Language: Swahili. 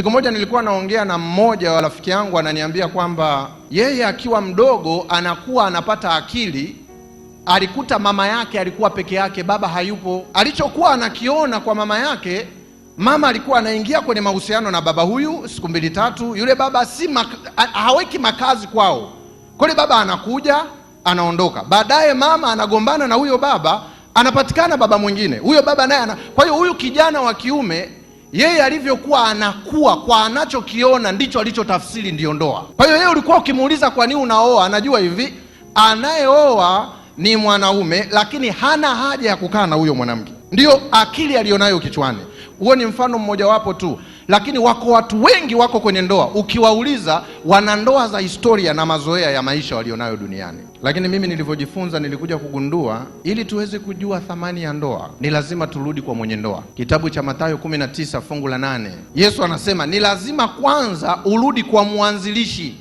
Siku moja nilikuwa naongea na mmoja wa rafiki yangu, ananiambia kwamba yeye akiwa mdogo anakuwa anapata akili. Alikuta mama yake alikuwa peke yake, baba hayupo. Alichokuwa anakiona kwa mama yake, mama alikuwa anaingia kwenye mahusiano na baba huyu, siku mbili tatu, yule baba si maka, haweki makazi kwao kule, baba anakuja anaondoka. Baadaye mama anagombana na huyo baba, anapatikana baba mwingine, huyo baba naye Kwa hiyo huyu kijana wa kiume yeye alivyokuwa anakuwa kwa anachokiona ndicho alichotafsiri ndiyo ndoa. Kwa hiyo yeye ulikuwa ukimuuliza kwa nini unaoa, anajua hivi anayeoa ni mwanaume, lakini hana haja ya kukaa na huyo mwanamke. Ndiyo akili aliyonayo kichwani. Huo ni mfano mmojawapo tu lakini wako watu wengi wako kwenye ndoa, ukiwauliza wana ndoa za historia na mazoea ya maisha walionayo duniani. Lakini mimi nilivyojifunza, nilikuja kugundua ili tuweze kujua thamani ya ndoa ni lazima turudi kwa mwenye ndoa. Kitabu cha Mathayo 19 fungu la 8, Yesu anasema ni lazima kwanza urudi kwa mwanzilishi